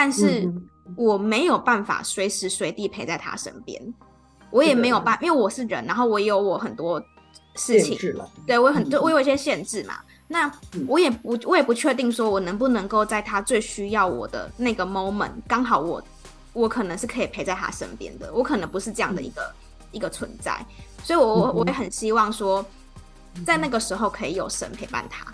但是我沒有辦法隨時隨地陪在他身邊，嗯、哼我也沒有辦法，對對對，因為我是人，然後我也有我很多事情，對，我很多我有一些限制嘛。嗯、哼那我也不我也不確定說，我能不能夠在他最需要我的那個 moment，剛好我我可能是可以陪在他身邊的，我可能不是這樣的一個、嗯、哼一個存在，所以我我我也很希望說，在那個時候可以有神陪伴他。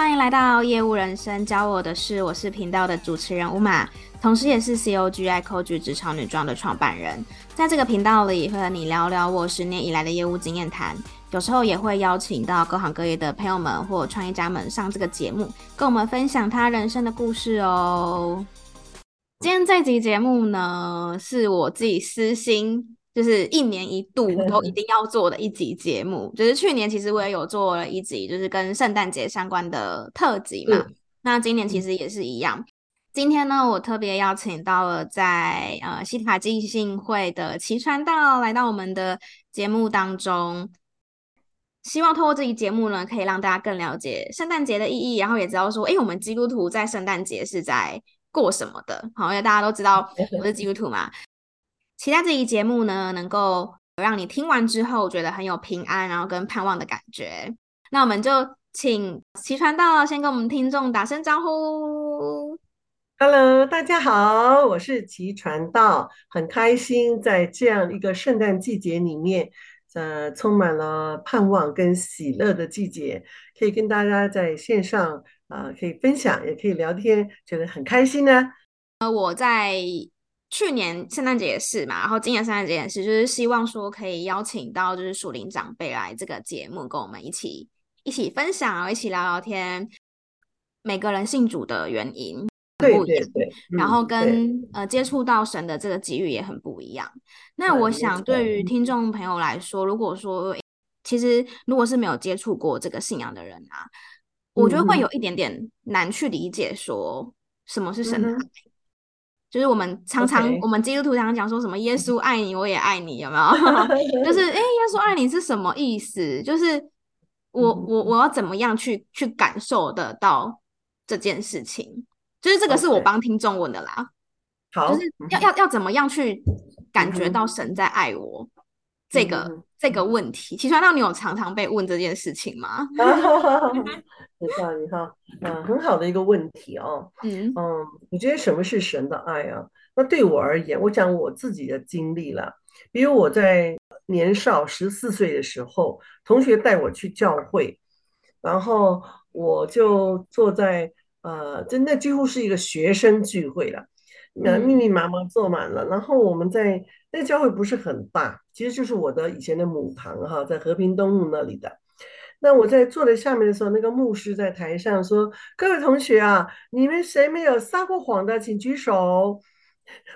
歡迎來到業務人生，教我的事，我是頻道的主持人烏瑪，同時也是 COGIVIBE 職場女裝的創辦人，在這個頻道裡會和你聊聊我十年以來的業務經驗談，有時候也會邀請到各行各業的朋友們或創業家們上這個節目，跟我們分享他人生的故事哦。今天這集節目呢，是我自己私心。就是一年一度都一定要做的一集節目，嗯、就是去年其實我也有做了一集，就是跟聖誕節相關的特輯嘛。嗯、那今年其實也是一樣。今天呢，我特別邀請到了在呃西塔浸信會的齊傳道來到我們的節目當中，希望通過這一節目呢，可以讓大家更了解聖誕節的意義，然後也知道說，哎，我們基督徒在聖誕節是在過什麼的。好，因為大家都知道我是基督徒嘛。嗯嗯期待這期節目呢，能夠讓你聽完之後覺得很有平安，然後跟盼望的感覺。那我們就請齊傳道先跟我們聽眾打聲招呼。Hello，大家好，我是齊傳道，很開心在這樣一個聖誕季節裡面，呃，充滿了盼望跟喜樂的季節，可以跟大家在線上啊、呃，可以分享，也可以聊天，覺得很開心呢、啊。呃，我在。去年聖誕節也是嘛，然後今年聖誕節也是，就是希望說可以邀請到就是屬靈長輩來這個節目，跟我們一起一起分享，一起聊聊天。每個人信主的原因不一樣，對對對，然後跟、嗯、呃接觸到神的這個機遇也很不一樣。對那我想對於聽眾朋友來說，對如果說其實如果是沒有接觸過這個信仰的人啊，嗯、我覺得會有一點點難去理解說什麼是神。嗯就是我們常常，Okay. 我們基督徒常常講說什麼耶穌愛你，嗯、我也愛你，有沒有？ 就是哎、欸，耶穌愛你是什麼意思？就是我、嗯、我我要怎麼樣去去感受得到這件事情？就是這個是我幫聽眾問的啦。好，Okay. 就是要好要要怎麼樣去感覺到神在愛我？嗯這個、嗯、這個問題，齊傳道，你有常常被問這件事情嗎？啊、 你好，你好、啊，很好的一個問題哦。嗯嗯，你覺得什麼是神的愛啊？那對我而言，我講我自己的經歷了。比如我在年少十四歲的時候，同學帶我去教會，然後我就坐在呃，真的幾乎是一個學生聚會了。然後密密麻麻坐滿了。然後我們在那個、教會不是很大，其實就是我的以前的母堂哈，在和平東路那裡的。那我在坐在下面的時候，那個牧師在台上說：“各位同學啊，你們誰沒有撒過謊的，請舉手。”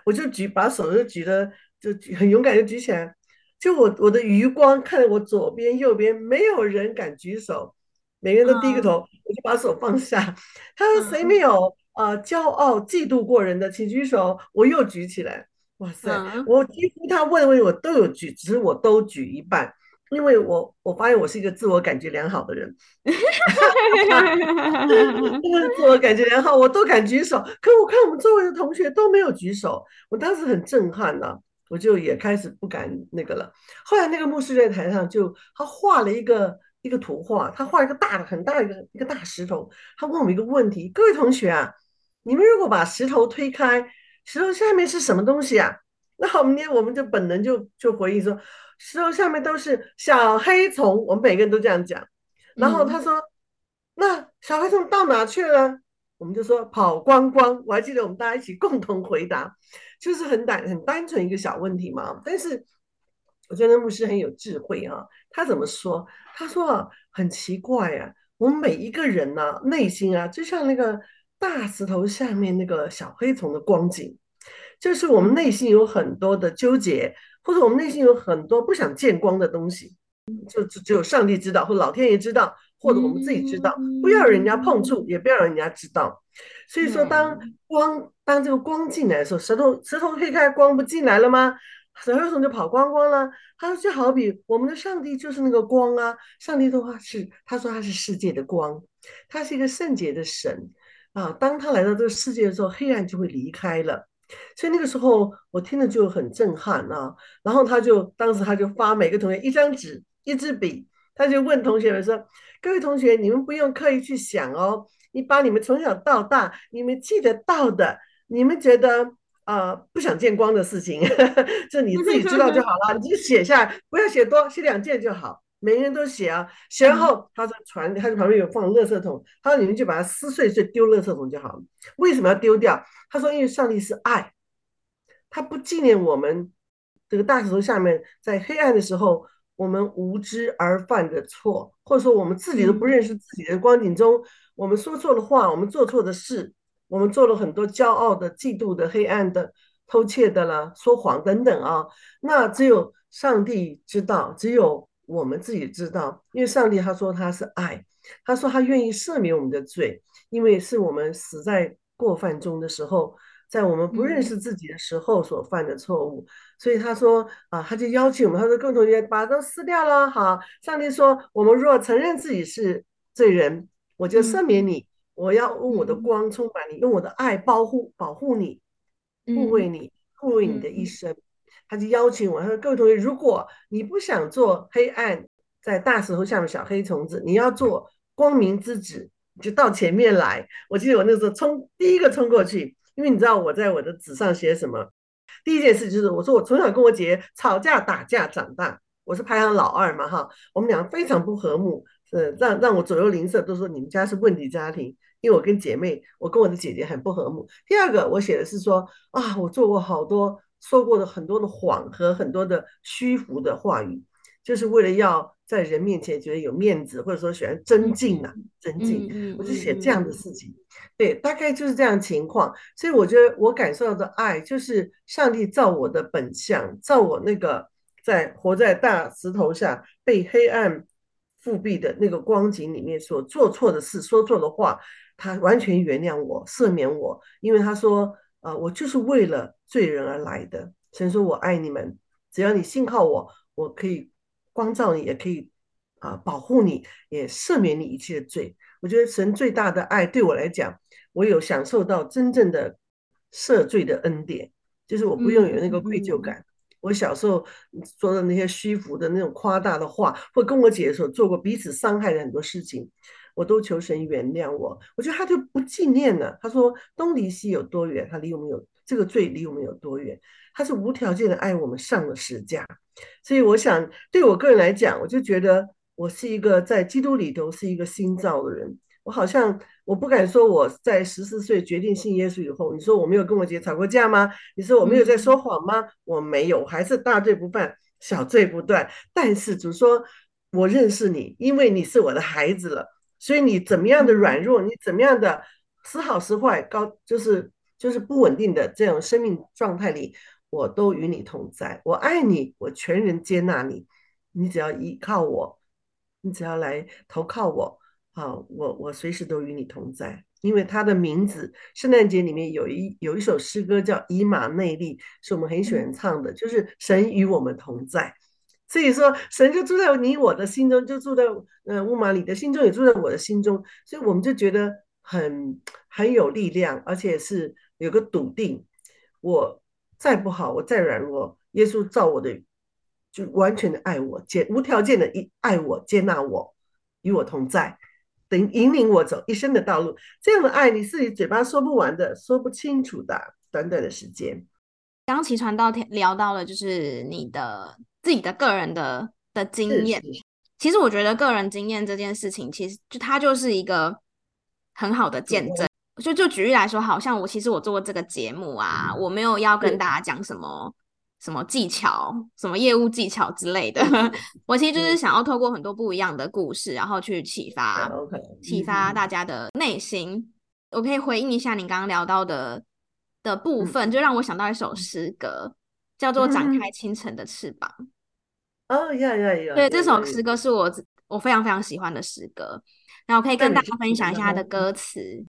我就舉，把手就舉的就舉很勇敢，就舉起來。就我我的餘光看我左邊右邊，沒有人敢舉手，每個人都低個頭，oh. 我就把手放下。他說：“誰沒有？” oh. 啊，呃、驕傲、嫉妒過人的，請舉手！我又舉起來，哇塞！啊、我幾乎他問問我都有舉，只是我都舉一半，因為我我發現我是一個自我感覺良好的人，哈哈哈哈哈！自我感覺良好，我都敢舉手。可我看我們周圍的同學都沒有舉手，我當時很震撼吶，我就也開始不敢那個了。後來那個牧師在台上就他畫了一個一個圖畫，他畫一個大的、很大一個一個大石頭，他問我們一個問題：各位同學啊。你們如果把石頭推開，石頭下面是什麼東西啊？那好，我們，我們就本能就就回憶說，石頭下面都是小黑蟲。我們每個人都這樣講。然後他說，嗯、那小黑蟲到哪去了？我們就說跑光光。我還記得我們大家一起共同回答，就是很單很單純一個小問題嘛。但是我覺得那牧師很有智慧啊，他怎麼說？他說很奇怪呀、啊，我們每一個人呢、啊、內心啊，就像那個。大石頭下面那個小黑蟲的光景，就是我們內心有很多的糾結，或者我們內心有很多不想見光的東西，就只只有上帝知道，或者老天爺知道，或者我們自己知道，不要人家碰觸，也不要人家知道。所以說，當光，當這個光進來的時候，石頭石頭推開光不進來了嗎？小黑蟲就跑光光了。他說，就好比我們的上帝就是那個光啊，上帝的話是，他說他是世界的光，他是一個聖潔的神。啊，當他來到這個世界的時候，黑暗就會離開了。所以那個時候我聽了就很震撼啊。然後他就當時他就發每個同學一張紙、一支筆，他就問同學們說：“各位同學，你們不用刻意去想哦，你把你們從小到大你們記得到的，你們覺得啊、呃、不想見光的事情，這 你自己知道就好了，你就寫下，不要寫多，寫兩件就好。”每個人都寫啊，寫完後他說船，他在旁邊有放垃圾桶，他說你們就把它撕碎就丟垃圾桶就好了。為什麼要丟掉？他說因為上帝是愛，他不紀念我們這個大石頭下面在黑暗的時候，我們無知而犯的錯，或者說我們自己都不認識自己的光景中，我們說錯了話，我們做錯的事，我們做了很多驕傲的、嫉妒的、黑暗的、偷竊的了、說謊等等啊。那只有上帝知道，只有。我們自己知道，因為上帝他說他是愛，他說他願意赦免我們的罪，因為是我們死在過犯中的時候，在我們不認識自己的時候所犯的錯誤，嗯、所以他說啊，他就邀請我們，他說各位同學把它都撕掉了，好，上帝說我們若承認自己是罪人，我就赦免你，嗯、我要用我的光充滿你，嗯、用我的愛保護保護你，護衛你，嗯、護衛你的一生。嗯嗯他就邀請我，他說：“各位同學，如果你不想做黑暗在大石頭下面小黑蟲子，你要做光明之子，就到前面來。”我記得我那時候衝第一個衝過去，因為你知道我在我的紙上寫什麼。第一件事就是我說我從小跟我姐姐吵架打架長大，我是排行老二嘛哈，我們兩個非常不和睦，呃，讓讓我左右鄰舍都說你們家是問題家庭，因為我跟姐妹，我跟我的姐姐很不和睦。第二個我寫的是說啊，我做過好多。說過的很多的謊和很多的虛浮的話語，就是為了要在人面前覺得有面子，或者說喜歡尊敬吶，尊敬、嗯。我就寫這樣的事情，嗯嗯嗯、對，大概就是這樣的情況。所以我覺得我感受到的愛，就是上帝照我的本相，照我那個在活在大石頭下被黑暗覆蔽的那個光景裡面所做錯的事、說錯的話，他完全原諒我、赦免我，因為他說，啊，我就是為了罪人而來的。神說：“我愛你們，只要你信靠我，我可以光照你，也可以啊保護你，也赦免你一切的罪。”我覺得神最大的愛，對我來講，我有享受到真正的赦罪的恩典，就是我不用有那個愧疚感。嗯嗯、我小時候說的那些虛浮的那種誇大的話，或跟我姐姐所做過彼此傷害的很多事情。我都求神原諒我，我覺得他就不紀念了。他說東離西有多遠，他離我們有這個罪離我們有多遠？他是無條件的愛我們上了十架，所以我想對我個人來講，我就覺得我是一個在基督裡頭是一個新造的人。我好像我不敢說我在十四歲決定信耶穌以後，你說我沒有跟我姐姐吵過架嗎？你說我沒有在說謊嗎？我沒有，我還是大罪不犯，小罪不斷。但是主說，我認識你，因為你是我的孩子了。所以你怎麼樣的軟弱，你怎麼樣的時好時壞，高就是就是不穩定的這種生命狀態裡，我都與你同在。我愛你，我全人接納你，你只要依靠我，你只要來投靠我，啊，我我隨時都與你同在。因為他的名字，聖誕節裡面有一有一首詩歌叫《以馬內利》，是我們很喜歡唱的，嗯、就是神與我們同在。所以說，神就住在你我的心中，就住在呃烏瑪里的心中，也住在我的心中。所以我們就覺得很很有力量，而且是有個篤定。我再不好，我再軟弱，耶穌照我的就完全的愛我，接無條件的一愛我，接納我，與我同在，等引領我走一生的道路。這樣的愛你是你嘴巴說不完的，說不清楚的。短短的時間，剛起床到天聊到了，就是你的。自己的個人的的經驗，是是其實我覺得個人經驗這件事情，其實就它就是一個很好的見證。嗯、就就舉例來說，好像我其實我做過這個節目啊，嗯、我沒有要跟大家講什麼對什麼技巧、什麼業務技巧之類的。嗯、我其實就是想要透過很多不一樣的故事，然後去啟發、啟、嗯、啟發大家的內心。嗯、我可以回應一下您剛剛聊到的的部分，嗯、就讓我想到一首詩歌，嗯、叫做《展開清晨的翅膀》。哦，對，這首詩歌是我我非常非常喜歡的詩歌。那我可以跟大家分享一下它的歌詞：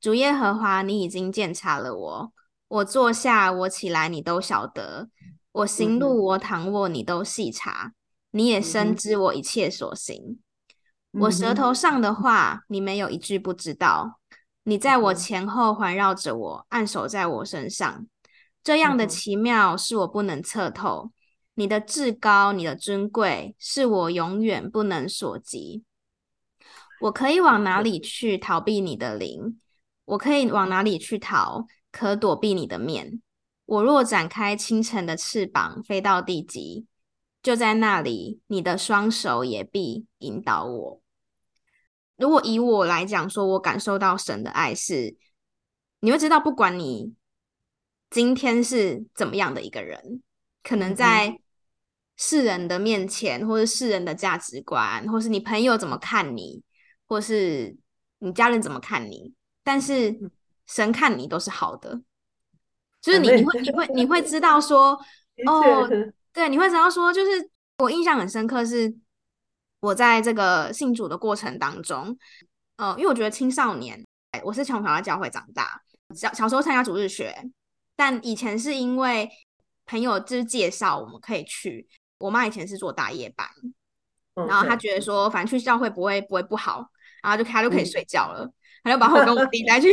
主耶、嗯、和華，你已經鑒察了我。我坐下，我起來，你都曉得；我行路，我躺臥，你都細查。」你也深知我一切所行。嗯、哼我舌頭上的話，你沒有一句不知道。你在我前後環繞着我，按手在我身上。這樣的奇妙，是我不能測透。嗯你的至高，你的尊貴，是我永遠不能所及。我可以往哪裡去逃避你的靈？我可以往哪裡去逃，可躲避你的面？我若展開清晨的翅膀，飛到地極，就在那裡，你的雙手也必引導我。如果以我來講，說我感受到神的愛是，是你會知道，不管你今天是怎麼樣的一個人，可能在、嗯。世人的面前，或是世人的價值觀，或是你朋友怎麼看你，或是你家人怎麼看你，但是神看你都是好的，就是你會你會你會，你會知道說 哦， 對，你會知道說，就是我印象很深刻，是我在這個信主的過程當中，呃，因為我覺得青少年，我是從小在教會長大，小小時候參加主日學，但以前是因為朋友就是介紹，我們可以去。我媽以前是做大夜班，Okay. 然後她覺得說，反正去教會不會不會不好，然後她就她就可以睡覺了，mm. 然後她就把我跟我弟帶去，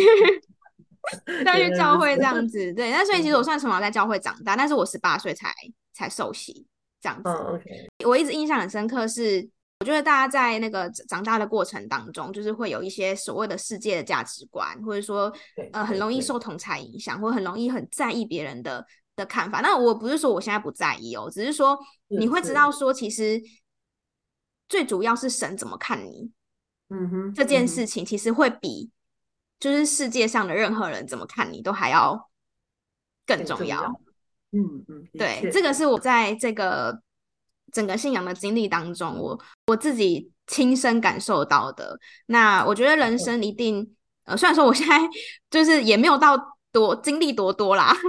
帶 去教會這樣子。Yes. 對，那所以其實我算從小在教會長大，mm. 但是我十八歲才才受洗這樣子。o、oh, k okay. 我一直印象很深刻是，我覺得大家在那個長大的過程當中，就是會有一些所謂的世界的價值觀，或者說，Yes. 呃，很容易受同儕影響，Yes. 或很容易很在意別人的的看法，那我不是說我現在不在意哦，只是說你會知道說，其實最主要是神怎麼看你，嗯哼，嗯哼。這件事情其實會比就是世界上的任何人怎麼看你都還要更重要。嗯嗯，嗯對，的這個是我在這個整個信仰的經歷當中，我我自己親身感受到的。那我覺得人生一定，嗯、呃，雖然說我現在就是也沒有到多經歷多多啦。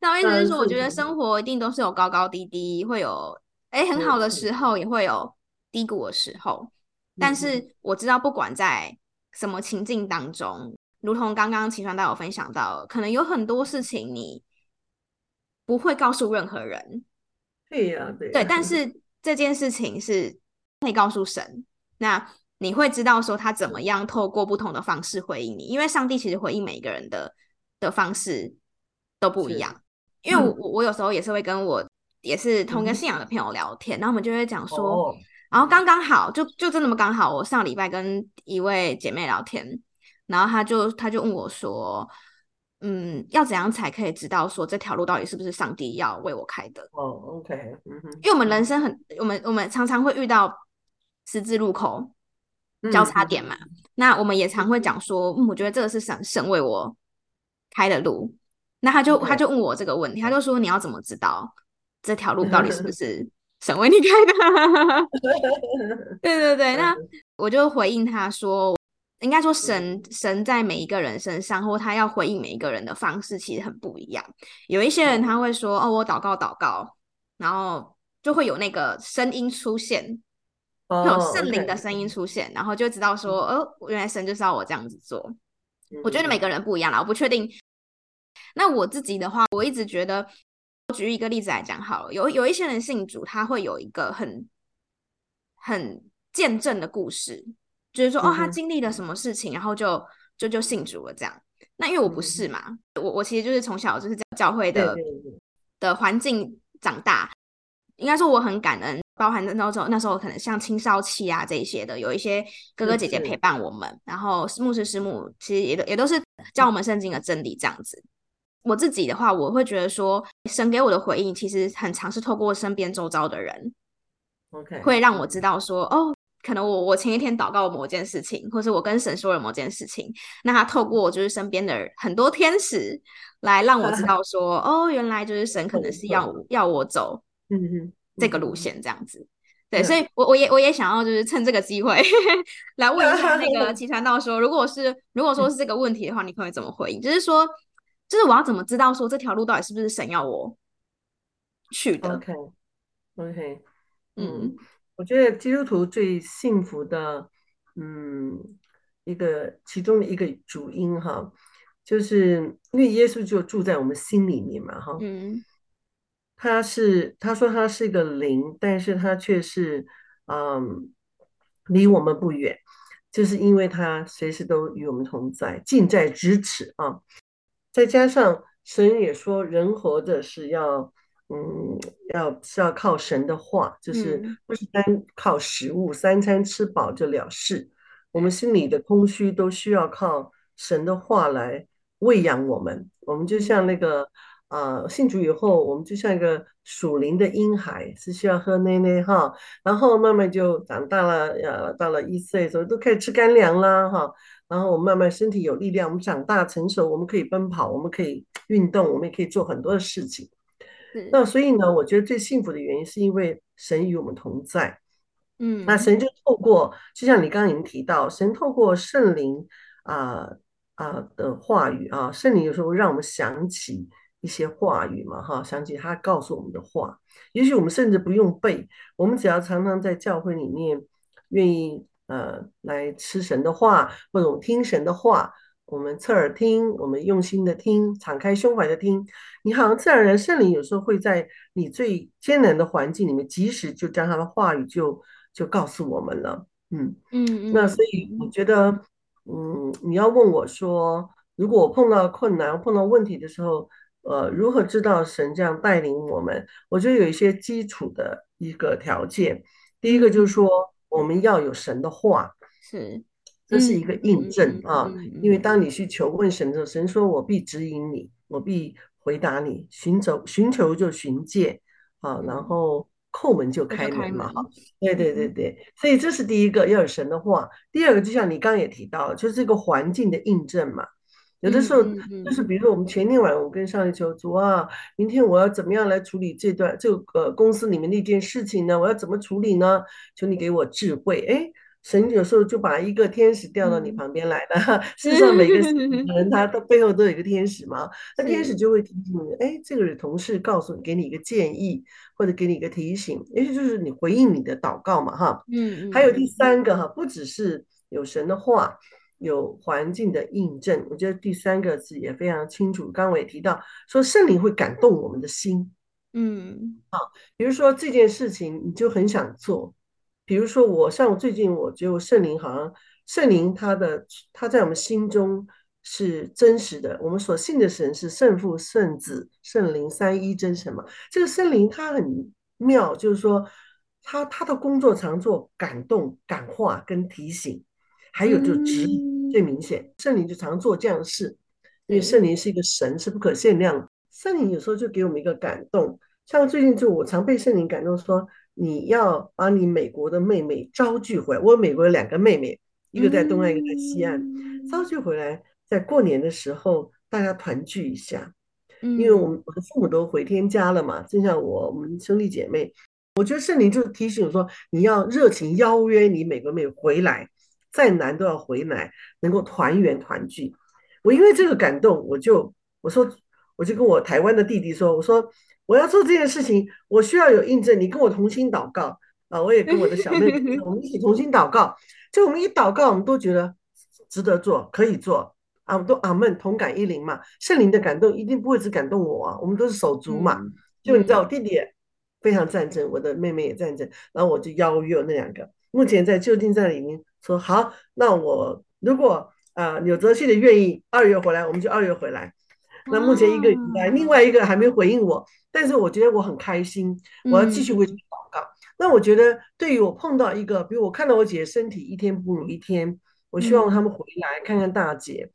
那我的意思是說，我覺得生活一定都是有高高低低，是會有誒、欸，很好的時候，也會有低谷的時候。嗯、但是我知道，不管在什麼情境當中，嗯、哼如同剛剛齊傳道有分享到，可能有很多事情你不會告訴任何人。對呀、啊，對、啊。對，但是這件事情是可以告訴神，那你會知道說他怎麼樣透過不同的方式回應你，因為上帝其實回應每一個人的的方式都不一樣。因為我、嗯、我，我有時候也是會跟我也是同個信仰的朋友聊天，嗯、然後我們就會講說，哦、然後剛剛好就就真的嘛剛好，我上禮拜跟一位姐妹聊天，然後她就她就問我說，嗯，要怎樣才可以知道說這條路到底是不是上帝要為我開的？哦，OK，、嗯哼、因為我們人生很，我們我們常常會遇到十字路口交叉點嘛，嗯、那我們也常會講說、嗯，我覺得這個是神神為我開的路。那他就 Okay. 他就問我這個問題，他就說，你要怎麼知道這條路到底是不是神為你開的啊？ 對對對，那我就回應他說，應該說神神在每一個人身上，或他要回應每一個人的方式其實很不一樣。有一些人他會說，Okay. 哦，我禱告禱告，然後就會有那個聲音出現，oh, okay. 那種聖靈的聲音出現，然後就知道說，哦，原來神就是要我這樣子做。Okay. 我覺得每個人不一樣了，我不確定。那我自己的話，我一直覺得，舉一個例子來講好了。有有一些人信主，他會有一個很很見證的故事，就是說，哦，他經歷了什麼事情，然後就就就信主了這樣。那因為我不是嘛，嗯、我我其實就是從小就是在教會的對對對的環境長大，應該說我很感恩，包含那時候那時候可能像青少期啊這些的，有一些哥哥姐姐陪伴我們，是然後牧師師母其實也都也都是教我們聖經的真理這樣子。我自己的話，我會覺得說，神給我的回應其實很常是透過身邊周遭的人，OK，, okay. 會讓我知道說，哦，可能我我前一天禱告某件事情，或者我跟神說了某件事情，那他透過就是身邊的很多天使來讓我知道說， 哦，原來就是神可能是要 要我走，嗯嗯，這個路線這樣子，對，所以，我我也我也想要就是趁這個機會 來問一下那個齊傳道說，如果是如果說是這個問題的話， 你可能會怎麼回應？就是說。就是我要怎麼知道說這條路到底是不是神要我去的？OK，OK，Okay, okay, 嗯，嗯，我覺得基督徒最幸福的，嗯，一個其中的一個主因哈，就是因為耶穌就住在我們心裡面嘛，哈，嗯，他是他說他是一個靈，但是他卻是嗯離我們不遠，就是因為他隨時都與我們同在，近在咫尺啊。再加上神也說，人活着是要，嗯，要是要靠神的話，就是不是單靠食物，嗯、三餐吃飽就了事。我們心裡的空虛都需要靠神的話來餵養我們。我們就像那個呃信主以後，我們就像一個屬靈的嬰孩，是需要喝奶奶哈，然後慢慢就長大了，呃，到了一歲時候都開始吃乾糧啦哈。然後我們慢慢身體有力量，我們長大成熟，我們可以奔跑，我們可以運動，我們也可以做很多的事情。是那所以呢，我覺得最幸福的原因是因為神與我們同在。嗯，那神就透過，就像你剛剛已經提到，神透過聖靈啊啊、呃呃、的話語啊，聖靈有時候讓我們想起一些話語嘛，哈，想起他告訴我們的話。也許我們甚至不用背，我們只要常常在教會裡面願意。呃，來吃神的話，或者我們聽神的話，我們側耳聽，我們用心的聽，敞開胸懷的聽。你好像自然而然，聖靈有時候會在你最艱難的環境裡面，及時就將他的話語就就告訴我們了。嗯嗯，嗯，那所以我覺得，嗯，你要問我說，如果我碰到困難、碰到問題的時候，呃，如何知道神這樣帶領我們？我覺得有一些基礎的一個條件。第一個就是說。我們要有神的話，是，這是一個印證啊。嗯嗯嗯、因為當你去求問神的時候，神說我必指引你，我必回答你。尋求，尋求就尋見，啊，然後叩門就開門嘛，哈。對對對對，所以這是第一個要有神的話。第二個就像你剛剛也提到，就是這個環境的印證嘛。有的時候，嗯嗯嗯、就是比如說我們前天晚上，我跟上帝求說：“啊，明天我要怎麼樣來處理這段這個、呃、公司裡面那件事情呢？我要怎麼處理呢？求你給我智慧。”哎，神有時候就把一個天使調到你旁邊來了。世上、嗯、哈哈每個人、嗯、他他背後都有一個天使嘛，嗯、那天使就會提醒你：“哎是，這個同事告訴你，給你一個建議，或者給你一個提醒，也許就是你回應你的禱告嘛。哈”哈、嗯，嗯，還有第三個哈，是不只是有神的話。有環境的印證，我覺得第三個字也非常清楚。剛剛我也提到說，聖靈會感動我們的心。嗯，好，啊，比如說這件事情，你就很想做。比如說我，像我最近，我覺得聖靈好像聖靈它，他的他在我們心中是真實的。我們所信的神是聖父、聖子、聖靈三一真神嘛。這個聖靈他很妙，就是說他他的工作常做感動、感化跟提醒。還有就是直最明顯，嗯、聖靈就常做這樣的事，因為聖靈是一個神，嗯、是不可限量的。聖靈有時候就給我們一個感動，像最近就我常被聖靈感動說，說你要把你美國的妹妹招聚回來。我美國有兩個妹妹，一個在東岸，嗯、一個在西岸，招聚回來，在過年的時候大家團聚一下。因為我們我的父母都回天家了嘛，剩下，嗯、我我們兄弟姐妹，我覺得聖靈就提醒我說，你要熱情邀約你美國妹回來。再難都要回來，能夠團圓團聚。我因為這個感動，我就我說，我就跟我台灣的弟弟說，我說我要做這件事情，我需要有印證。你跟我同心禱告啊，我也跟我的小妹妹， 我們一起同心禱告。就我們一禱告，我們都覺得值得做，可以做啊。都阿門，同感一靈嘛，聖靈的感動一定不會只感動我啊，我們都是手足嘛。就你知道，我弟弟也非常贊成， 我的妹妹也贊成，然後我就邀約那兩個，目前在舊金山裡面。說好，那我如果啊、呃，紐澤西的願意二月回來，我們就二月回來。那目前一個另外、oh. 另外一個還沒回應我，但是我覺得我很開心，我要繼續為他們禱告。Mm hmm. 那我覺得對於我碰到一個，比如我看到我姐姐身體一天不如一天，我希望他們回來看看大姐。Mm hmm.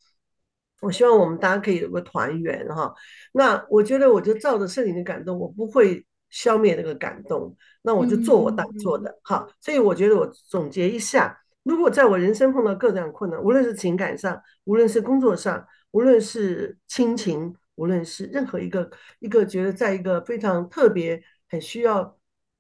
我希望我們大家可以有個團圓哈。那我覺得我就照着聖靈的感動，我不會消滅那個感動，那我就做我當做的哈、mm hmm.，所以我覺得我總結一下。如果在我人生碰到各種困難，無論是情感上，無論是工作上，無論是親情，無論是任何一個一個覺得在一個非常特別很需要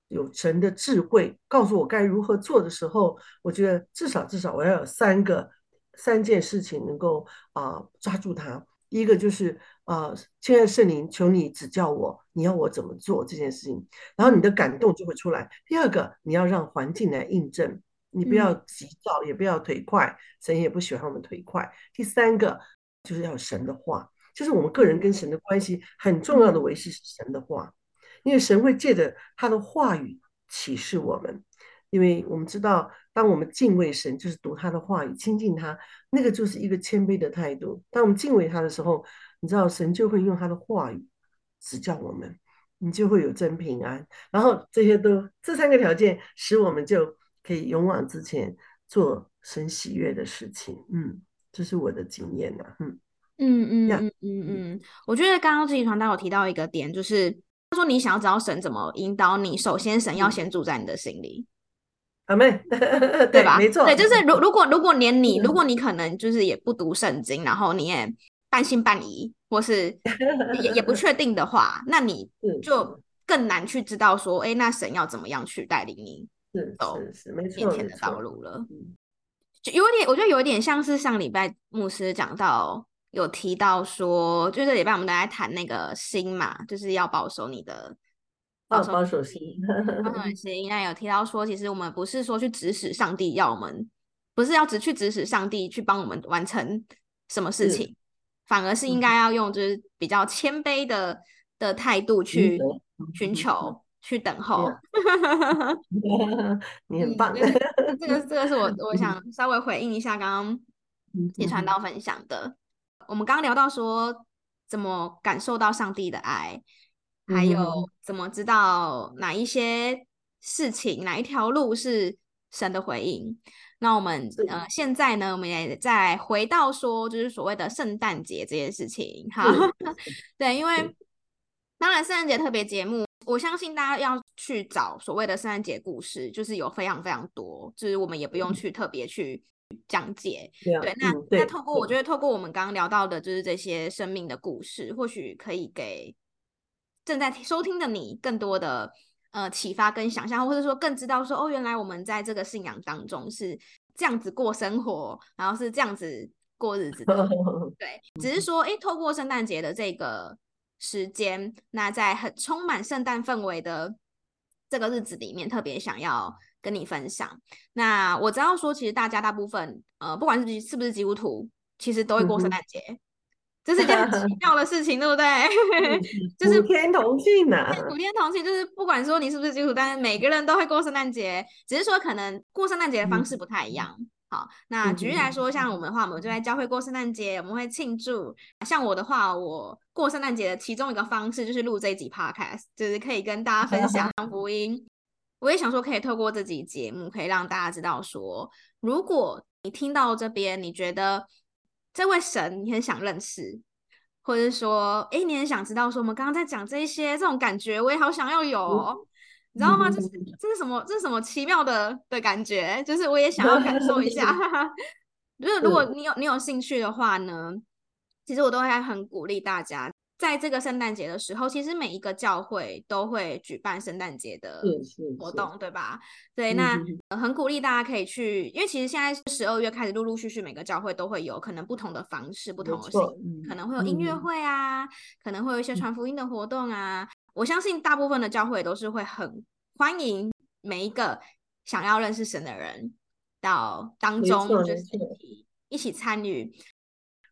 有神的智慧告訴我該如何做的時候，我覺得至少至少我要有三個三件事情能夠啊、呃、抓住它。第一個就是啊、呃，親愛的聖靈，求你指教我，你要我怎麼做這件事情，然後你的感動就會出來。第二個，你要讓環境來印證。你不要急躁，也不要腿快，神也不喜歡我們腿快。第三個就是要神的話，就是我們個人跟神的關係很重要的維繫是神的話，嗯、因為神會借着他的話語啟示我們，因為我們知道，當我們敬畏神，就是讀他的話語，親近他，那個就是一個謙卑的態度。當我們敬畏他的時候，你知道神就會用他的話語指教我們，你就會有真平安。然後這些都這三個條件使我們就。可以勇往直前做神喜悅的事情，嗯，這是我的經驗吶、啊，嗯嗯嗯嗯嗯 Yeah. 嗯，我覺得剛剛齊傳道有提到一個點，就是他說，你想要找神怎麼引導你，首先神要先住在你的心裡，阿妹、嗯、對吧？ 對沒錯，對，就是如如果如果連你，嗯、如果你可能就是也不讀聖經，然後你也半信半疑，或是也也不確定的話， 那你就更難去知道說，哎，那神要怎麼樣去帶領你。是走面前的道路了，嗯、就有點，我覺得有點像是上禮拜牧師講到有提到說，就是這禮拜我們都在談那個心嘛，就是要保守你的，保守保守心、啊，保守心。那 有提到說，其實我們不是說去指使上帝要我們，不是要只去指使上帝去幫我們完成什麼事情，是反而是應該要用就是比較謙卑的的態度去尋求。嗯 去等候，Yeah. 你很棒。 這個這個是我我想稍微回應一下剛剛齊傳道分享的。 我們剛剛聊到說怎麼感受到上帝的愛，還有怎麼知道哪一些事情、mm hmm. 哪一條路是神的回應。那我們是呃現在呢，我們也再回到說就是所謂的聖誕節這件事情。哈。 對，因為是當然聖誕節特別節目。我相信大家要去找所謂的聖誕節故事，就是有非常非常多，就是我們也不用去特別去講解。嗯、對，嗯、對那對，那透過我覺得透過我們剛剛聊到的就是這些生命的故事，對或許可以給正在收聽的你更多的呃啟發跟想象，或者說更知道說哦，原來我們在這個信仰當中是這樣子過生活，然後是這樣子過日子的。 對，只是說哎、欸，透過聖誕節的這個。時間，那在很充滿聖誕氛圍的這個日子裡面，特別想要跟你分享。那我知道說，其實大家大部分，呃，不管是是不是基督徒，其實都會過聖誕節，嗯、哼這是一件很奇妙的事情，對不對？這是普天同慶呢，普天同慶就是不管說你是不是基督徒，但是每個人都會過聖誕節，只是說可能過聖誕節的方式不太一樣。嗯好，那舉例來說，像我們的話，我們就在教會過聖誕節，我們會慶祝。像我的話，我過聖誕節的其中一個方式就是錄這集 podcast，就是可以跟大家分享，分享福音。 我也想說，可以透過這集節目，可以讓大家知道說，如果你聽到這邊，你覺得這位神你很想認識，或者說，哎，你很想知道說，我們剛剛在講這些，這種感覺我也好想要有。你知道嗎？就、mm hmm. 是，這是什麼？這是什麼奇妙的的感覺？就是我也想要感受一下。 就是如果你有是你有興趣的話呢，其實我都會很鼓勵大家，在這個聖誕節的時候，其實每一個教會都會舉辦聖誕節的活動，是是是，對吧？對，mm hmm. 那很鼓勵大家可以去，因為其實現在是十二月開始，陸陸續續每個教會都會有可能不同的方式、不同的，mm hmm. 可能會有音樂會啊，mm hmm. 可能會有一些傳福音的活動啊。我相信大部分的教會都是會很歡迎每一個想要認識神的人到當中，或者是一起參與。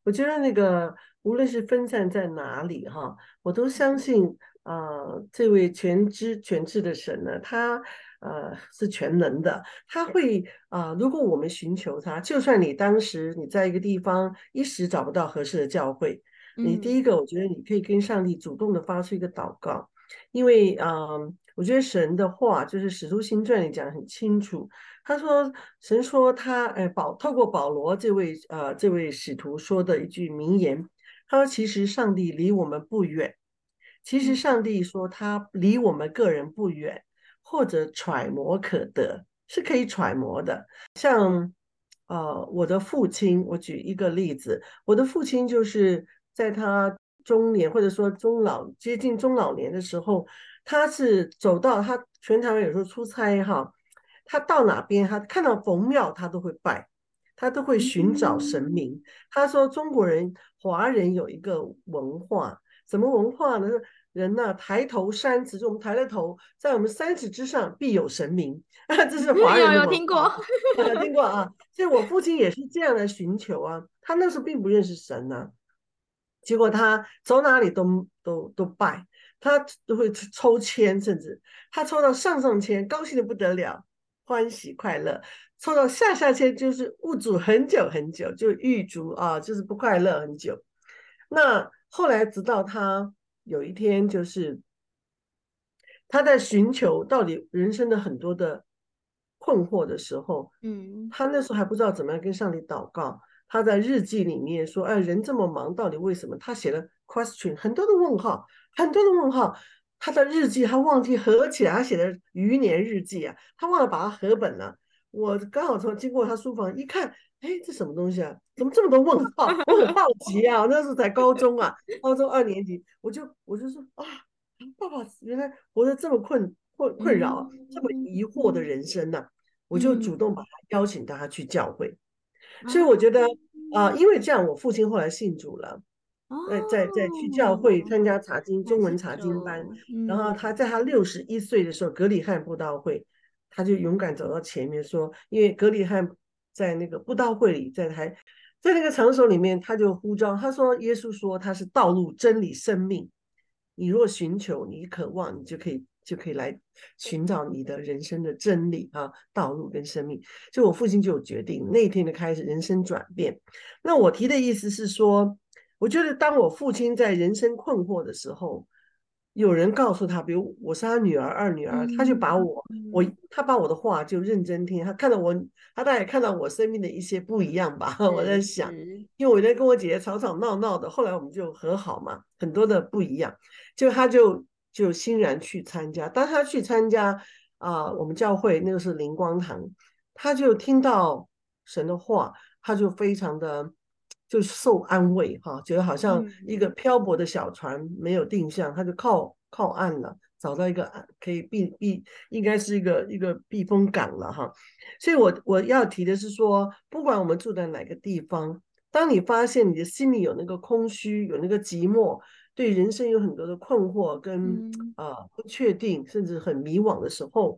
我覺得那個無論是分散在哪裡哈，我都相信啊、呃，這位全知全智的神呢，他呃是全能的，他會啊、呃，如果我們尋求他，就算你當時你在一個地方一時找不到合適的教會，嗯、你第一個我覺得你可以跟上帝主動的發出一個禱告。因為嗯、呃，我覺得神的話就是《使徒行傳》裡講得很清楚。他說，神說他，呃、哎，保透過保羅這位呃這位使徒說的一句名言，他說其實上帝離我們不遠，其實上帝說他離我們個人不遠，或者揣摩可得，是可以揣摩的。像呃，我的父親，我舉一個例子，我的父親就是在他。中年或者說中老接近中老年的時候，他是走到他全台灣有時候出差哈，他到哪邊他看到逢廟他都會拜，他都會尋找神明。嗯、他說中國人華人有一個文化，什麼文化呢？人呢、啊、抬頭三尺。就我們抬了頭，在我們三尺之上必有神明啊，這是華人文化。有有聽過啊， 聽過啊，所以我父親也是這樣來尋求啊，他那時候並不認識神呢、啊。結果他走哪裡都都都拜，他都會抽籤，甚至他抽到上上籤，高興得不得了，歡喜快樂；抽到下下籤就是鬱卒很久很久，就鬱卒啊，就是不快樂很久。那後來直到他有一天，就是他在尋求到底人生的很多的困惑的時候，嗯，他那時候還不知道怎麼樣跟上帝禱告。他在日記裡面說：“哎，人這麼忙，到底為什麼？”他寫了 question，很多的問號，很多的問號。他的日記他忘記合起來他寫的餘年日記啊，他忘了把它合本了。我剛好從經過他書房一看，哎，這什麼東西啊？怎麼這麼多問號？我很好奇啊。 那時候在高中啊，高中二年級，我就我就說啊，爸爸原來活得這麼困困困擾，這麼疑惑的人生吶、啊，我就主動把他邀請到他去教會。所以我覺得，啊，啊因為這樣，我父親後來信主了，哦、在在在去教會參加查經、哦、中文查經班，嗯、然後他在他六十一歲的時候，葛理翰布道會，他就勇敢走到前面說，因為葛理翰在那個布道會裡，在他，在那個場所裡面，他就呼召他說，耶穌說他是道路真理生命，你若尋求，你渴望，你就可以。就可以來尋找你的人生的真理啊，道路跟生命。所以我父親就有決定那一天就開始人生轉變。那我提的意思是說，我覺得當我父親在人生困惑的時候，有人告訴他，比如我是他女兒二女兒，他就把我我他把我的話就認真聽，他看到我他大概看到我生命的一些不一樣吧。我在想，因為我在跟我姐姐吵吵鬧鬧的，後來我們就和好嘛，很多的不一樣。就他就。就欣然去參加。當他去參加啊、呃，我們教會那個是靈光堂，他就聽到神的話，他就非常的就受安慰哈、啊，覺得好像一個漂泊的小船沒有定向，他就靠靠岸了，找到一個可以避避，避，應該是一個一個避風港了哈、啊。所以我我要提的是說，不管我們住在哪個地方，當你發現你的心裡有那個空虛，有那個寂寞。對人生有很多的困惑跟啊、嗯呃、不確定，甚至很迷惘的時候，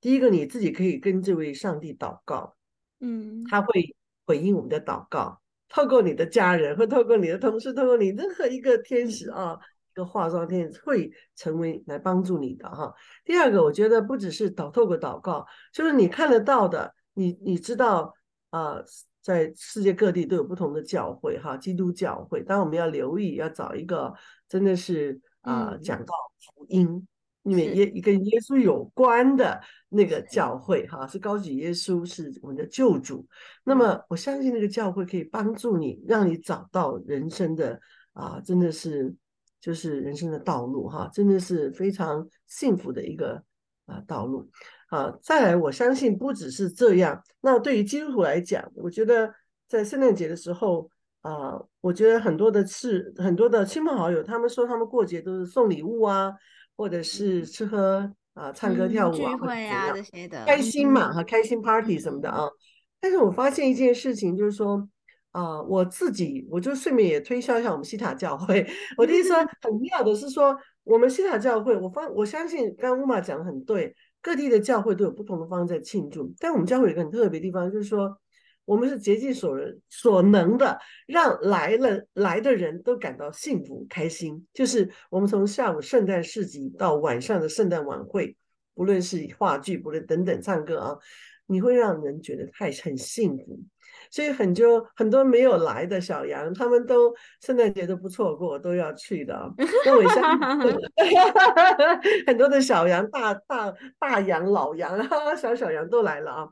第一個你自己可以跟這位上帝禱告，嗯，他會回應我們的禱告。透過你的家人，會透過你的同事，透過你任何一個天使啊，一個化妝天使會成為來幫助你的哈。第二個，我覺得不只是禱透過禱告，就是你看得到的，你你知道啊、呃，在世界各地都有不同的教會哈，基督教會，當然我們要留意要找一個。真的是啊、呃，講到福音，因為、嗯、耶是跟耶穌有關的那個教會哈對、啊，是高級耶穌，是我們的救主。那麼我相信那個教會可以幫助你，讓你找到人生的啊，真的是就是人生的道路哈、啊，真的是非常幸福的一個啊道路。啊，再來，我相信不只是這樣。那對於基督徒來講，我覺得在聖誕節的時候，啊，uh, 我覺得很多的是，很多的親朋好友，他們說他們過節都是送禮物啊，嗯、或者是吃喝啊，唱歌、嗯、跳舞、啊、聚會、啊、這些的，開心嘛哈，嗯、和開心 party 什麼的啊。嗯、但是我發現一件事情，就是說，啊、呃，我自己我就順便也推銷一下我們西塔教會。我聽說很妙的是說，我們西塔教會，我放我相信，剛剛烏瑪講的很對，各地的教會都有不同的方法在慶祝，但我們教會有一個很特別的地方，就是說。我們是竭盡所能所能的，讓來了來的人都感到幸福開心。就是我們從下午聖誕市集到晚上的聖誕晚會，不論是話劇，不論等等唱歌啊，你會讓人覺得太很幸福。所以很，很久很多沒有來的小羊，他們都聖誕節都不錯過，都要去的啊。那我一下， 很多的小羊、大大大羊、老羊啊、小小羊都來了啊。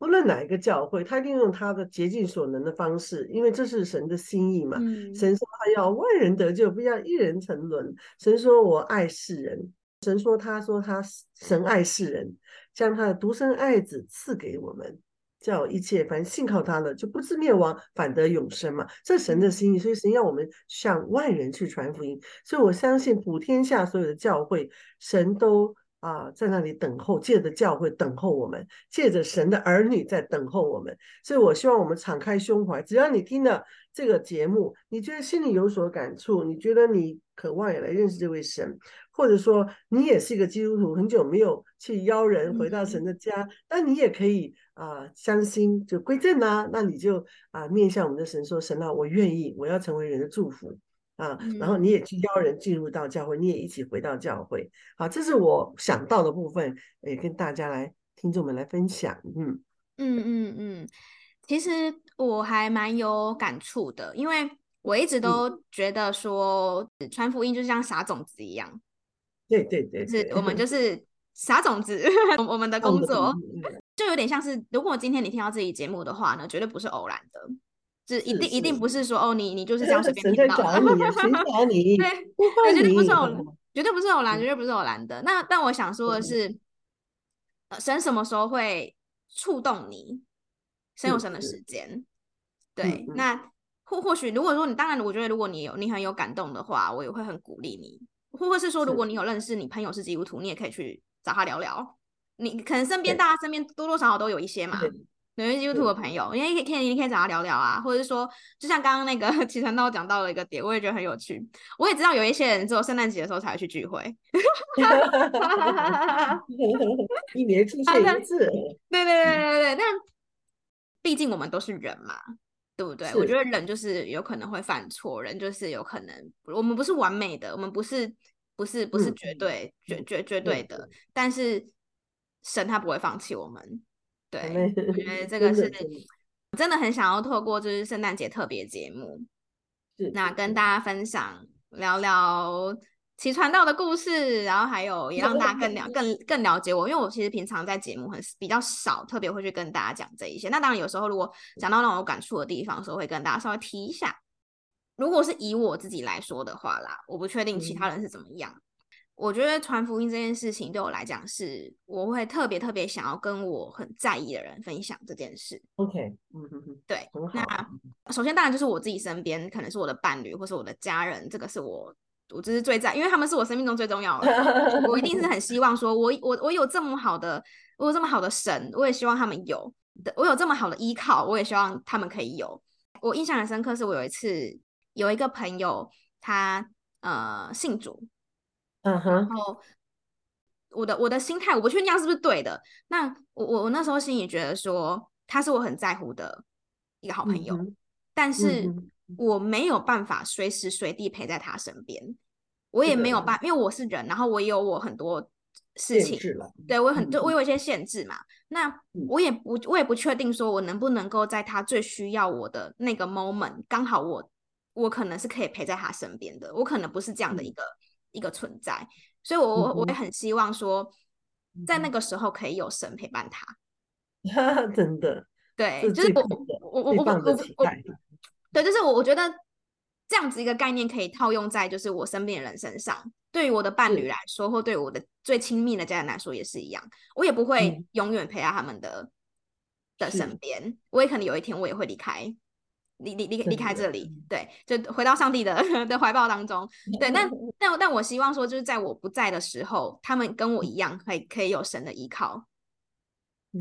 不論哪一個教會，他利用他的竭盡所能的方式，因為這是神的心意嘛。嗯、神說他要萬人得救，不要一人沉淪。神說，我愛世人。神說，他說他神愛世人，將他的獨生愛子賜給我們，叫一切凡信靠他的，就不致滅亡，反得永生嘛。這是神的心意，所以神要我們向萬人去傳福音。所以我相信，普天下所有的教會，神都。啊，在那裡等候，借着教會等候我們，借着神的兒女在等候我們。所以，我希望我們敞開胸懷。只要你聽了這個節目，你覺得心裡有所感觸，你覺得你渴望也來認識這位神，或者說你也是一個基督徒，很久沒有去邀人回到神的家，那你也可以啊、呃，相信就歸正啦、啊。那你就啊、呃，面向我們的神說：“神啊，我願意，我要成為人的祝福。”啊，然後你也去邀人進入到教會，你也一起回到教會，好、啊，這是我想到的部分，也、欸、跟大家來聽眾們來分享。嗯嗯嗯嗯，其實我還蠻有感觸的，因為我一直都覺得說傳福音就是像撒種子一樣，對對對，是我們就是撒種子，嗯、 我們的工作、嗯嗯、就有點像是，如果今天你聽到這一節目的話呢，絕對不是偶然的。是一定一定不是說哦，你是你就是這樣隨便聽到啊？神在找你，神在找你。絕對不是偶，絕對不是偶然，絕對不是偶然的。那但我想說的是，嗯、神什麼時候會觸動你？神有神的時間。是是對，嗯、那或或許如果說你，當然我覺得如果你有你很有感動的話，我也會很鼓勵你。或或是說，如果你有認識你朋友是基督徒，你也可以去找他聊聊。你可能身邊對大家身邊多多少少都有一些嘛。紐約 YouTube 的朋友，因為可以可以可以，可以找他聊聊啊，或者是說，就像剛剛那個齊傳道講到了一個點，我也覺得很有趣。我也知道有一些人只有聖誕節的時候才會去聚會，哈哈哈哈哈。一年出現一次，啊，對對對對對，嗯、但畢竟我們都是人嘛，對不對？是我覺得人就是有可能會犯錯，人就是有可能，我們不是完美的，我們不是不是不是絕對、嗯、絕絕絕對的，嗯嗯、但是神他不會放棄我們。對，我覺得這個是 真的，真的很想要透過就是聖誕節特別節目，對那跟大家分享聊聊齊傳道的故事，然後還有也讓大家更了更更了解我，因為我其實平常在節目很比較少特別會去跟大家講這一些。那當然有時候如果講到讓我感觸的地方的時候，候會跟大家稍微提一下。如果是以我自己來說的話啦，我不確定其他人是怎麼樣。嗯我覺得傳福音這件事情對我來講，是我會特別特別想要跟我很在意的人分享這件事。OK，嗯嗯嗯，對。好那首先當然就是我自己身邊，可能是我的伴侶或是我的家人，這個是我我就是最在，因為他們是我生命中最重要的人。的 我一定是很希望說，我我我有這麼好的，我有這麼好的神，我也希望他們有，我有這麼好的依靠，我也希望他們可以有。我印象很深刻，是我有一次有一個朋友，他呃信主。嗯哼，uh huh. 然後我的我的心態，我不確定這樣是不是對的。那我我我那時候心裡覺得說，他是我很在乎的一個好朋友，mm hmm. 但是我沒有辦法隨時隨地陪在他身邊，我也沒有辦，對的，因為我是人，然後我也有我很多事情，對我很，我有一些限制嘛。Mm hmm. 那我也不，我也不確定說，我能不能夠在他最需要我的那個 moment，剛好我我可能是可以陪在他身邊的，我可能不是這樣的一個。Mm hmm. 一個存在，所以我我我也很希望說，在那個時候可以有神陪伴他。嗯、哼 真的，對，就是我我我我我我，對，就是我我覺得這樣子一個概念可以套用在就是我身邊的人身上，對於我的伴侶來說，是或對我的最親密的家人來說也是一樣。我也不會永遠陪在他們的、嗯、的身邊，是我也可能有一天我也會離開。離離離離開這裡，對，就回到上帝的的懷抱當中，對，嗯、但但但我希望說，就是在我不在的時候，他們跟我一樣，可以可以有神的依靠，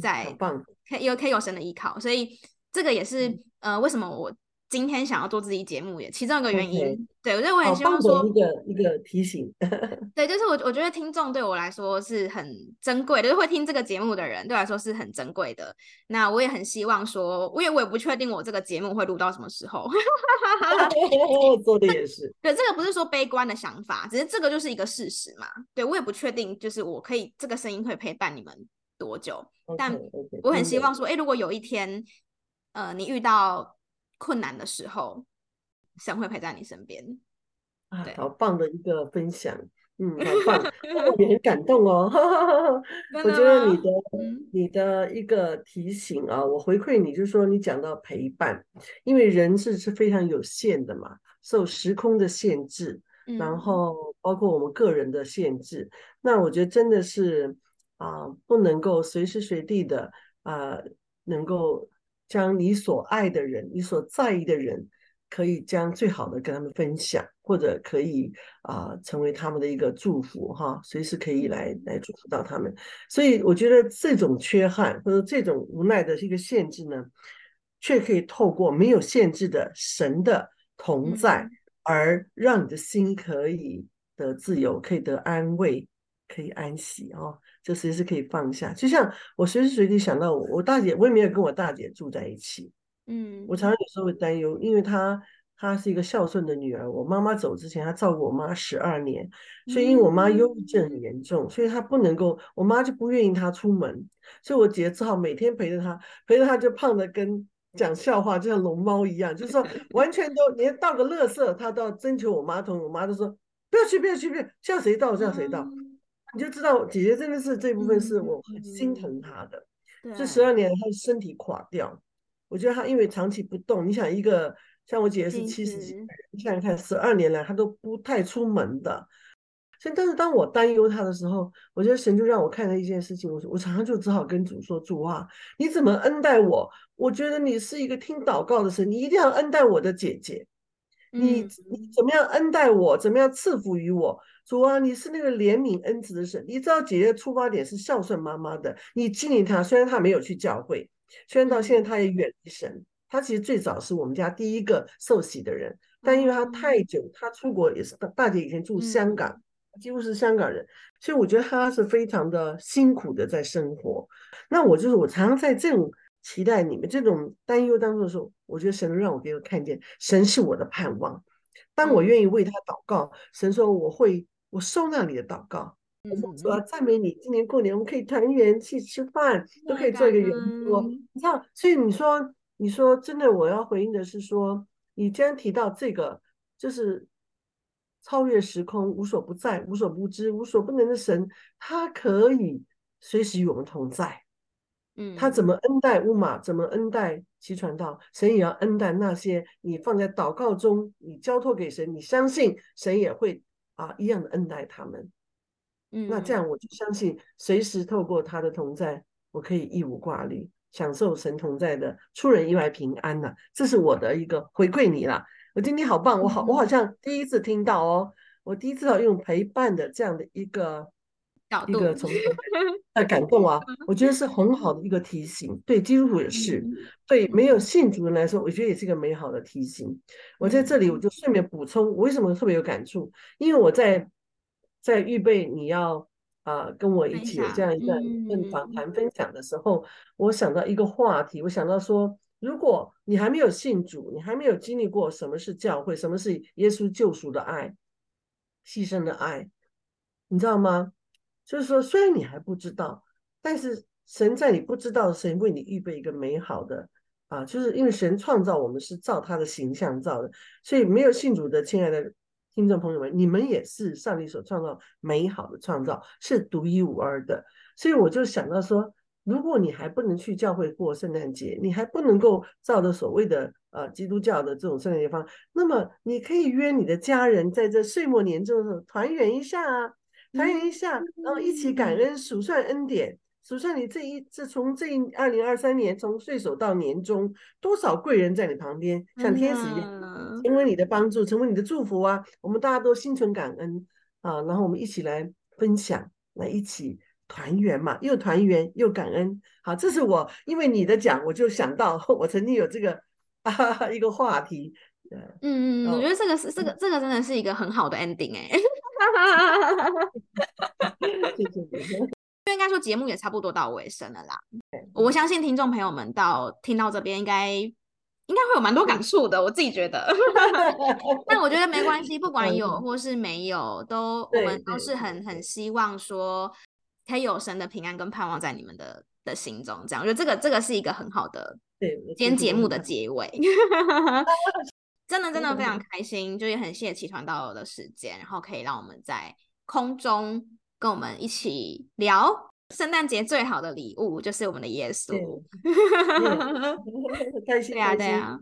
在，嗯、可以有可以有神的依靠，所以這個也是，嗯、呃，為什麼我？今天想要做自己節目也，其中一個原因，Okay. 對，我覺得，我很希望說、oh, 我一個一個提醒， 對，就是我我覺得聽眾對我來說是很珍貴的，就是會聽這個節目的人對我來說是很珍貴的。那我也很希望說，我也我也不確定我這個節目會錄到什麼時候。哈 Okay. 但， 做的也是，對，這個不是說悲觀的想法，只是這個就是一個事實嘛。對，我也不確定，就是我可以這個聲音可以陪伴你們多久，okay. Okay. 但我很希望說，哎，如果有一天，呃，你遇到。困難的時候，神會陪在你身邊、啊。好棒的一個分享，嗯，好棒， 哦、你很感動哦。 我覺得你的、嗯、你的一個提醒啊，我回饋你，就是說你講到陪伴，因為人是是非常有限的嘛，受時空的限制，嗯、然後包括我們個人的限制，那我覺得真的是啊、呃，不能夠隨時隨地的啊、呃，能夠。將你所愛的人，你所在意的人，可以將最好的跟他們分享，或者可以啊、呃，成為他們的一個祝福哈，隨時可以來來祝福到他們。所以我覺得這種缺憾或者這種無奈的一個限制呢，卻可以透過沒有限制的神的同在，嗯、而讓你的心可以得自由，可以得安慰。可以安息哦，就隨時可以放下。就像我隨時隨地想到我我大姐，我也沒有跟我大姐住在一起。嗯，我常常有時候會擔憂，因為她她是一個孝順的女兒。我媽媽走之前，她照顧我媽十二年，所以因為我媽憂鬱症很嚴重，嗯、所以她不能夠，我媽就不願意她出門，所以我姐，姐只好每天陪着她，陪着她就胖的跟講笑話，就像龍貓一樣，就是說完全都連倒、嗯、個垃圾，她都要徵求我媽同意，我媽都說不要去，不要去，不要叫誰倒，叫誰倒。你就知道，姐姐真的是這部分是我很心疼她的。嗯嗯、這十二年，她的身體垮掉，對我覺得她因為長期不動。你想，一個像我姐姐是七十幾，嗯、你想想看十二年來她都不太出門的。所以但是當我擔憂她的時候，我覺得神就讓我看到一件事情。我說，我常常就只好跟主說：“主啊，你怎麼恩待我？我覺得你是一個聽禱告的神，你一定要恩待我的姐姐。”你你怎麼樣恩待我，怎麼樣賜福於我，主啊，你是那個憐憫恩慈的神。你知道姐姐的出發點是孝順媽媽的，你記念她，雖然她沒有去教會，雖然到現在他也遠離神，他其實最早是我們家第一個受洗的人，但因為他太久，他出國也是，大姐以前住香港，幾乎是香港人，所以我覺得他是非常的辛苦的在生活。那我就是我常常在這種。期待你們這種擔憂當中的時候，我覺得神讓我給我看見，神是我的盼望。當我願意為他禱告，神說我會，我收納你的禱告。我要讚美你。今年過年我們可以團圓去吃飯，都可以做一個圓桌。Oh my God. 你知道，所以你說，你說真的，我要回應的是說，你既然提到這個，就是超越時空、無所不在、無所不知、無所不能的神，他可以隨時與我們同在。他怎麼恩待烏馬，怎麼恩待齊傳道？神也要恩待那些你放在禱告中，你交託給神，你相信神也會啊一樣的恩待他們。嗯、那這樣我就相信，隨時透過他的同在，我可以一無掛慮，享受神同在的出人意外平安呢、啊。這是我的一個回饋你了。我今天好棒，我好，我好像第一次聽到哦，我第一次用陪伴的這樣的一個。一個從啊，感動啊， 我覺得是很好的一個提醒。對基督徒也是，對沒有信主的人來說，我覺得也是一個美好的提醒。我在這裡，我就順便補充，我為什麼特別有感觸？因為我在在預備你要啊、呃、跟我一起這樣一段訪談分享的時候，想嗯、我想到一個話題，我想到說，如果你還沒有信主，你還沒有經歷過什麼是教會，什麼是耶穌救贖的愛、犧牲的愛，你知道嗎？就是說，雖然你還不知道，但是神在你不知道的時候為你預備一個美好的啊，就是因為神創造我們是照他的形象造的，所以沒有信主的親愛的聽眾朋友們，你們也是上帝所創造美好的創造，是獨一無二的。所以我就想到說，如果你還不能去教會過聖誕節，你還不能夠照着所謂的呃基督教的這種聖誕節方，那麼你可以約你的家人在這歲末年終的時候團圓一下啊。團圓一下，嗯、然後一起感恩、嗯、數算恩典，數算你這一自從這一二零二三年從歲首到年終，多少貴人在你旁邊，像天使一樣，因的為你的幫助，成為你的祝福啊！我們大家都心存感恩啊，然後我們一起來分享，來一起團圓嘛，又團圓又感恩。好，這是我因為你的講，我就想到我曾經有這個啊一個話題。嗯、啊、嗯，哦、我覺得這個是這個、嗯、這個真的是一個很好的 ending 哎、欸。哈， 就應該說，節目也差不多到尾聲了啦。我相信聽眾朋友們到聽到這邊，應該應該會有蠻多感觸的。我自己覺得， 但我覺得沒關係，不管有或是沒有，都我們都是很很希望說，可以有神的平安跟盼望在你們的的心中。這樣，我覺得這個這個是一個很好的，對，今天節目的結尾。 真的真的非常開心，嗯、就也很謝謝齊傳道的時間，然後可以讓我們在空中跟我們一起聊聖誕節最好的禮物就是我們的耶穌。太 開心了！啊啊、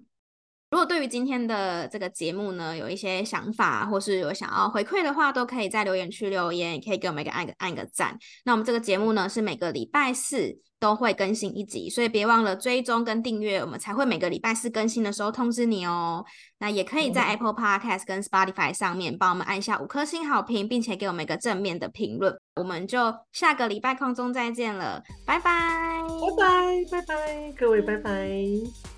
如果對於今天的這個節目呢，有一些想法或是有想要回饋的話，都可以在留言區留言，也可以給我們一個按，個按一個按個讚。那我們這個節目呢，是每個禮拜四。都會更新一集，所以別忘了追蹤跟訂閱，我們才會每個禮拜四更新的時候通知你哦。那也可以在 Apple Podcast 跟 Spotify 上面幫我們按下五顆星好評，並且給我們一個正面的評論。我們就下個禮拜空中再見了，拜拜，拜拜，拜拜，各位拜拜。